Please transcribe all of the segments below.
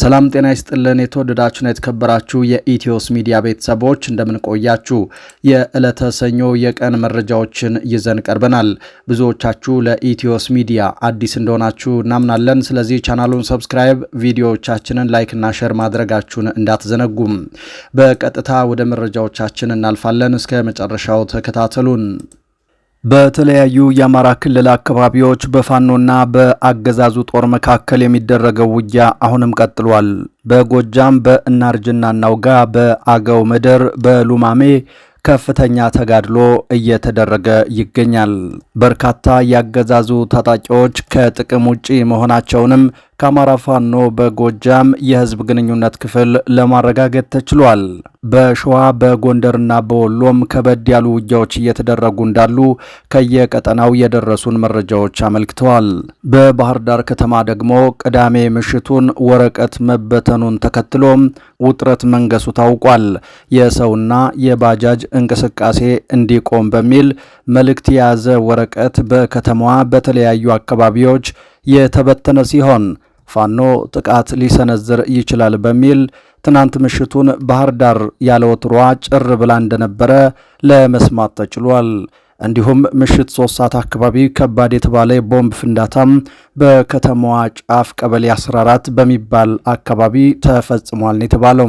ሰላም ጤና ይስጥልን። የተወደዳችሁና የተከበራችሁ የኢትዮስ ሚዲያ ቤተሰቦች እንደምንቆያችሁ፣ የዕለተ ሰኞ የቀን መረጃዎችን ይዘን ቀርበናል። ብዙዎቻችሁ ለኢትዮስ ሚዲያ አዲስ እንደሆናችሁ እናምናለን። ስለዚህ ቻናሉን ሰብስክራይብ፣ ቪዲዮዎቻችንን ላይክና ሸር ማድረጋችሁን እንዳትዘነጉም። በቀጥታ ወደ መረጃዎቻችን እናልፋለን። እስከ መጨረሻው ተከታተሉን። በተለያዩ የአማራ ክልል አካባቢዎች በፋኖና በአገዛዙ ጦር መካከል የሚደረገው ውጊያ አሁንም ቀጥሏል። በጎጃም በእናርጅና እናውጋ፣ በአገው ምድር፣ በሉማሜ ከፍተኛ ተጋድሎ እየተደረገ ይገኛል። በርካታ ያገዛዙ ታጣቂዎች ከጥቅም ውጪ መሆናቸውንም ከአማራ ፋኖ በጎጃም የህዝብ ግንኙነት ክፍል ለማረጋገጥ ተችሏል። በሸዋ በጎንደርና በወሎም ከበድ ያሉ ውጊያዎች እየተደረጉ እንዳሉ ከየቀጠናው የደረሱን መረጃዎች አመልክተዋል። በባህር ዳር ከተማ ደግሞ ቅዳሜ ምሽቱን ወረቀት መበተኑን ተከትሎ ውጥረት መንገሱ ታውቋል። የሰውና የባጃጅ እንቅስቃሴ እንዲቆም በሚል መልእክት የያዘ ወረቀት በከተማዋ በተለያዩ አካባቢዎች የተበተነ ሲሆን ፋኖ ጥቃት ሊሰነዝር ይችላል በሚል ትናንት ምሽቱን ባህር ዳር ያለ ወትሯ ጭር ብላ እንደነበረ ለመስማት ተችሏል። እንዲሁም ምሽት ሶስት ሰዓት አካባቢ ከባድ የተባለ የቦምብ ፍንዳታ በከተማዋ ጫፍ ቀበሌ 14 በሚባል አካባቢ ተፈጽሟል ነው የተባለው።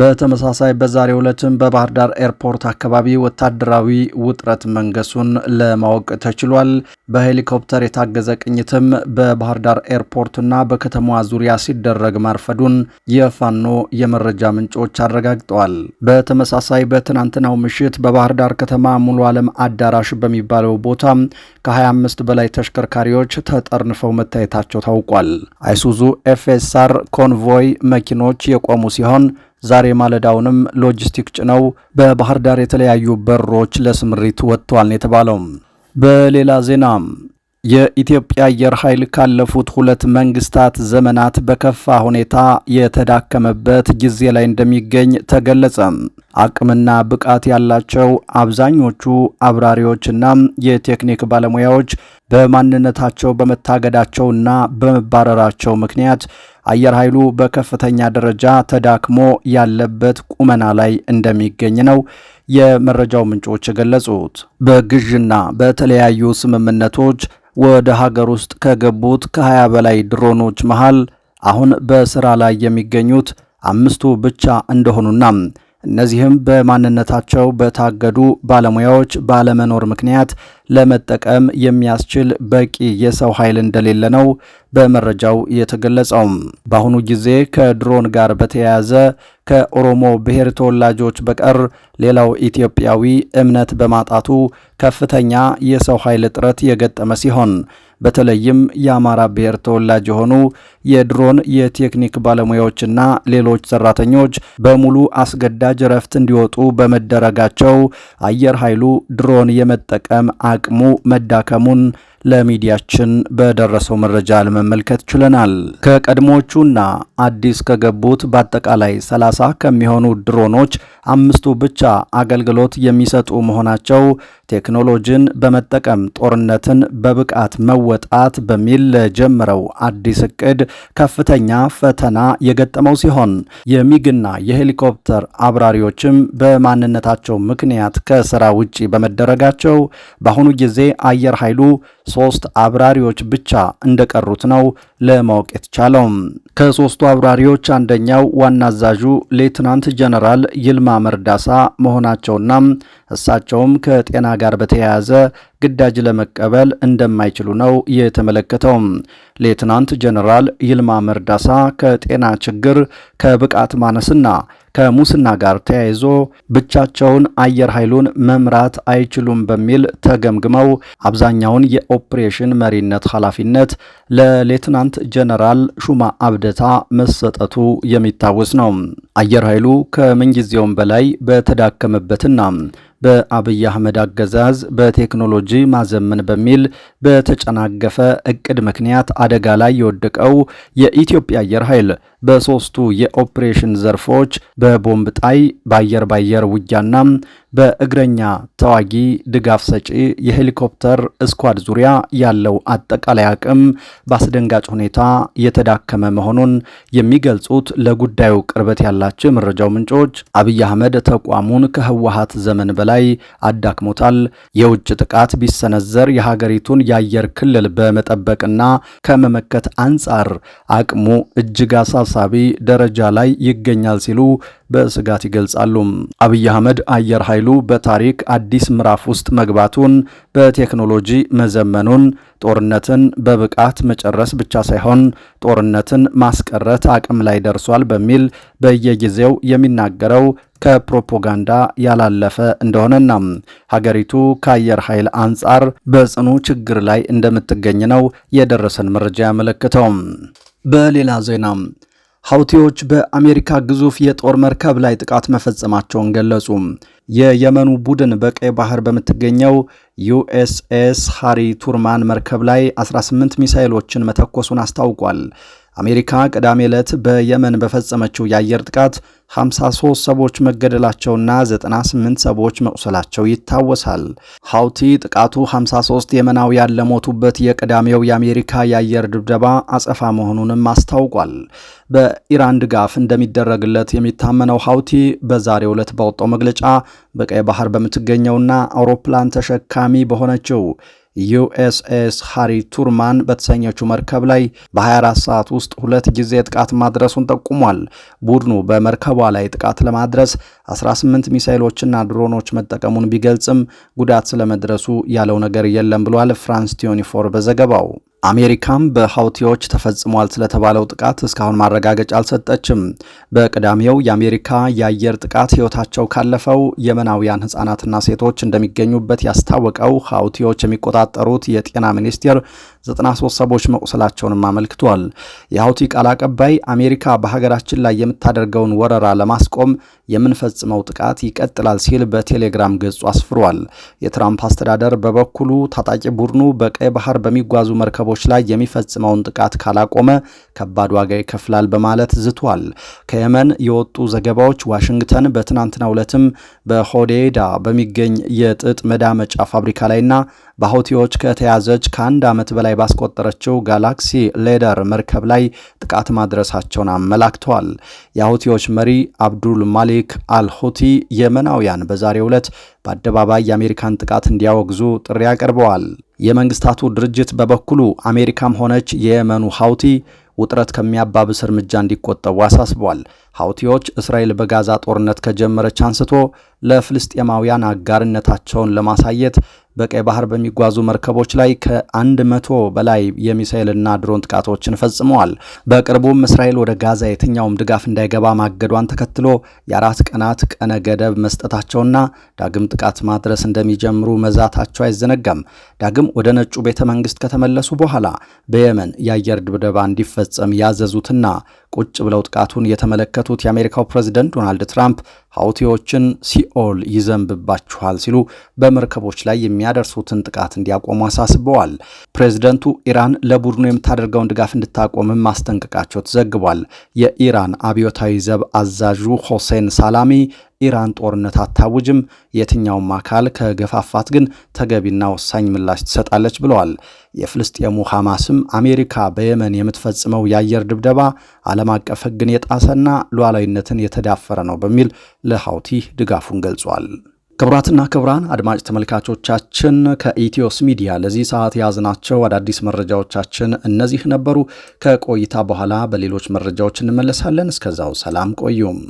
በተመሳሳይ በዛሬው ዕለትም በባህር ዳር ኤርፖርት አካባቢ ወታደራዊ ውጥረት መንገሱን ለማወቅ ተችሏል። በሄሊኮፕተር የታገዘ ቅኝትም በባህር ዳር ኤርፖርትና በከተማዋ ዙሪያ ሲደረግ ማርፈዱን የፋኖ የመረጃ ምንጮች አረጋግጠዋል። በተመሳሳይ በትናንትናው ምሽት በባህር ዳር ከተማ ሙሉ ዓለም አዳራሽ በሚባለው ቦታ ከ25 በላይ ተሽከርካሪዎች ተጠርንፈው መታየታቸው ታውቋል። አይሱዙ ኤፍኤስአር ኮንቮይ መኪኖች የቆሙ ሲሆን ዛሬ ማለዳውንም ሎጂስቲክ ጭነው በባህር ዳር የተለያዩ በሮች ለስምሪት ወጥተዋል ነው የተባለው። በሌላ ዜና የኢትዮጵያ አየር ኃይል ካለፉት ሁለት መንግስታት ዘመናት በከፋ ሁኔታ የተዳከመበት ጊዜ ላይ እንደሚገኝ ተገለጸ። አቅምና ብቃት ያላቸው አብዛኞቹ አብራሪዎችና የቴክኒክ ባለሙያዎች በማንነታቸው በመታገዳቸውና በመባረራቸው ምክንያት አየር ኃይሉ በከፍተኛ ደረጃ ተዳክሞ ያለበት ቁመና ላይ እንደሚገኝ ነው የመረጃው ምንጮች የገለጹት። በግዥና በተለያዩ ስምምነቶች ወደ ሀገር ውስጥ ከገቡት ከ20 በላይ ድሮኖች መሃል አሁን በስራ ላይ የሚገኙት አምስቱ ብቻ እንደሆኑና እነዚህም በማንነታቸው በታገዱ ባለሙያዎች ባለመኖር ምክንያት ለመጠቀም የሚያስችል በቂ የሰው ኃይል እንደሌለ ነው በመረጃው የተገለጸው። በአሁኑ ጊዜ ከድሮን ጋር በተያያዘ ከኦሮሞ ብሔር ተወላጆች በቀር ሌላው ኢትዮጵያዊ እምነት በማጣቱ ከፍተኛ የሰው ኃይል እጥረት የገጠመ ሲሆን በተለይም የአማራ ብሔር ተወላጅ የሆኑ የድሮን የቴክኒክ ባለሙያዎችና ሌሎች ሰራተኞች በሙሉ አስገዳጅ እረፍት እንዲወጡ በመደረጋቸው አየር ኃይሉ ድሮን የመጠቀም አቅሙ መዳከሙን ለሚዲያችን በደረሰው መረጃ ለመመልከት ችለናል። ከቀድሞቹና አዲስ ከገቡት በአጠቃላይ 30 ከሚሆኑ ድሮኖች አምስቱ ብቻ አገልግሎት የሚሰጡ መሆናቸው ቴክኖሎጂን በመጠቀም ጦርነትን በብቃት መወጣት በሚል ለጀመረው አዲስ እቅድ ከፍተኛ ፈተና የገጠመው ሲሆን የሚግና የሄሊኮፕተር አብራሪዎችም በማንነታቸው ምክንያት ከስራ ውጪ በመደረጋቸው በአሁኑ ጊዜ አየር ኃይሉ ሶስት አብራሪዎች ብቻ እንደቀሩት ነው ለማወቅ የተቻለው። ከሶስቱ አብራሪዎች አንደኛው ዋና አዛዡ ሌትናንት ጀነራል ይልማ መርዳሳ መሆናቸውና እሳቸውም ከጤና ጋር በተያያዘ ግዳጅ ለመቀበል እንደማይችሉ ነው የተመለከተው። ሌትናንት ጀነራል ይልማ መርዳሳ ከጤና ችግር ከብቃት ማነስና ከሙስና ጋር ተያይዞ ብቻቸውን አየር ኃይሉን መምራት አይችሉም በሚል ተገምግመው አብዛኛውን የኦፕሬሽን መሪነት ኃላፊነት ለሌትናንት ጀነራል ሹማ አብደታ መሰጠቱ የሚታወስ ነው። አየር ኃይሉ ከምንጊዜውም በላይ በተዳከመበትና በአብይ አህመድ አገዛዝ በቴክኖሎጂ ማዘመን በሚል በተጨናገፈ እቅድ ምክንያት አደጋ ላይ የወደቀው የኢትዮጵያ አየር ኃይል በሦስቱ የኦፕሬሽን ዘርፎች በቦምብ ጣይ፣ በአየር ባየር ውጊያና በእግረኛ ተዋጊ ድጋፍ ሰጪ የሄሊኮፕተር ስኳድ ዙሪያ ያለው አጠቃላይ አቅም በአስደንጋጭ ሁኔታ የተዳከመ መሆኑን የሚገልጹት ለጉዳዩ ቅርበት ያለ ያላቸው የመረጃው ምንጮች አብይ አህመድ ተቋሙን ከህወሀት ዘመን በላይ አዳክሞታል፣ የውጭ ጥቃት ቢሰነዘር የሀገሪቱን የአየር ክልል በመጠበቅና ከመመከት አንጻር አቅሙ እጅግ አሳሳቢ ደረጃ ላይ ይገኛል ሲሉ በስጋት ይገልጻሉ። አብይ አህመድ አየር ኃይሉ በታሪክ አዲስ ምዕራፍ ውስጥ መግባቱን፣ በቴክኖሎጂ መዘመኑን፣ ጦርነትን በብቃት መጨረስ ብቻ ሳይሆን ጦርነትን ማስቀረት አቅም ላይ ደርሷል በሚል በየ በየጊዜው የሚናገረው ከፕሮፓጋንዳ ያላለፈ እንደሆነና ሀገሪቱ ከአየር ኃይል አንጻር በጽኑ ችግር ላይ እንደምትገኝ ነው የደረሰን መረጃ ያመለክተው። በሌላ ዜና ሀውቲዎች በአሜሪካ ግዙፍ የጦር መርከብ ላይ ጥቃት መፈጸማቸውን ገለጹ። የየመኑ ቡድን በቀይ ባህር በምትገኘው ዩኤስኤስ ሃሪ ቱርማን መርከብ ላይ 18 ሚሳይሎችን መተኮሱን አስታውቋል። አሜሪካ ቅዳሜ ዕለት በየመን በፈጸመችው የአየር ጥቃት 53 ሰዎች መገደላቸውና 98 ሰዎች መቁሰላቸው ይታወሳል። ሀውቲ ጥቃቱ 53 የመናውያን ለሞቱበት የቅዳሜው የአሜሪካ የአየር ድብደባ አጸፋ መሆኑንም አስታውቋል። በኢራን ድጋፍ እንደሚደረግለት የሚታመነው ሀውቲ በዛሬው ዕለት ባወጣው መግለጫ በቀይ ባህር በምትገኘውና አውሮፕላን ተሸካሚ በሆነችው ዩኤስኤስ ሃሪ ቱርማን በተሰኘችው መርከብ ላይ በ24 ሰዓት ውስጥ ሁለት ጊዜ ጥቃት ማድረሱን ጠቁሟል። ቡድኑ በመርከቧ ላይ ጥቃት ለማድረስ 18 ሚሳይሎችና ድሮኖች መጠቀሙን ቢገልጽም ጉዳት ስለመድረሱ ያለው ነገር የለም ብሏል። ፍራንስ ቲዮኒፎር በዘገባው አሜሪካም በሀውቲዎች ተፈጽሟል ስለተባለው ጥቃት እስካሁን ማረጋገጫ አልሰጠችም። በቅዳሜው የአሜሪካ የአየር ጥቃት ሕይወታቸው ካለፈው የመናውያን ሕጻናትና ሴቶች እንደሚገኙበት ያስታወቀው ሀውቲዎች የሚቆጣጠሩት የጤና ሚኒስቴር 93 ሰዎች መቁሰላቸውንም አመልክቷል። የሀውቲ ቃል አቀባይ አሜሪካ በሀገራችን ላይ የምታደርገውን ወረራ ለማስቆም የምንፈጽመው ጥቃት ይቀጥላል ሲል በቴሌግራም ገጹ አስፍሯል። የትራምፕ አስተዳደር በበኩሉ ታጣቂ ቡድኑ በቀይ ባህር በሚጓዙ መርከቦች ላይ የሚፈጽመውን ጥቃት ካላቆመ ከባድ ዋጋ ይከፍላል በማለት ዝቷል። ከየመን የወጡ ዘገባዎች ዋሽንግተን በትናንትናው ዕለትም በሆዴዳ በሚገኝ የጥጥ መዳመጫ ፋብሪካ ላይና በሀውቲዎች ከተያዘች ከአንድ ዓመት በላይ ላይ ባስቆጠረችው ጋላክሲ ሌደር መርከብ ላይ ጥቃት ማድረሳቸውን አመላክተዋል። የሁቲዎች መሪ አብዱል ማሊክ አልሁቲ የመናውያን በዛሬው ዕለት በአደባባይ የአሜሪካን ጥቃት እንዲያወግዙ ጥሪ አቅርበዋል። የመንግስታቱ ድርጅት በበኩሉ አሜሪካም ሆነች የየመኑ ሀውቲ ውጥረት ከሚያባብስ እርምጃ እንዲቆጠቡ አሳስቧል። ሀውቲዎች እስራኤል በጋዛ ጦርነት ከጀመረች አንስቶ ለፍልስጤማውያን አጋርነታቸውን ለማሳየት በቀይ ባህር በሚጓዙ መርከቦች ላይ ከአንድ መቶ በላይ የሚሳይልና ድሮን ጥቃቶችን ፈጽመዋል። በቅርቡም እስራኤል ወደ ጋዛ የትኛውም ድጋፍ እንዳይገባ ማገዷን ተከትሎ የአራት ቀናት ቀነ ገደብ መስጠታቸውና ዳግም ጥቃት ማድረስ እንደሚጀምሩ መዛታቸው አይዘነጋም። ዳግም ወደ ነጩ ቤተ መንግስት ከተመለሱ በኋላ በየመን የአየር ድብደባ እንዲፈጸም ያዘዙትና ቁጭ ብለው ጥቃቱን የተመለከቱት የአሜሪካው ፕሬዝደንት ዶናልድ ትራምፕ ሐውቲዎችን ሲኦል ይዘንብባችኋል ሲሉ በመርከቦች ላይ የሚያደርሱትን ጥቃት እንዲያቆሙ አሳስበዋል። ፕሬዝደንቱ ኢራን ለቡድኑ የምታደርገውን ድጋፍ እንድታቆምም ማስጠንቀቃቸው ተዘግቧል። የኢራን አብዮታዊ ዘብ አዛዡ ሆሴን ሳላሚ ኢራን ጦርነት አታውጅም፣ የትኛውም አካል ከገፋፋት ግን ተገቢና ወሳኝ ምላሽ ትሰጣለች ብለዋል። የፍልስጤሙ ሐማስም አሜሪካ በየመን የምትፈጽመው የአየር ድብደባ ዓለም አቀፍ ሕግን የጣሰና ሉዓላዊነትን የተዳፈረ ነው በሚል ለሐውቲ ድጋፉን ገልጿል። ክቡራትና ክቡራን አድማጭ ተመልካቾቻችን ከኢትዮስ ሚዲያ ለዚህ ሰዓት የያዝናቸው አዳዲስ መረጃዎቻችን እነዚህ ነበሩ። ከቆይታ በኋላ በሌሎች መረጃዎች እንመለሳለን። እስከዛው ሰላም ቆዩም።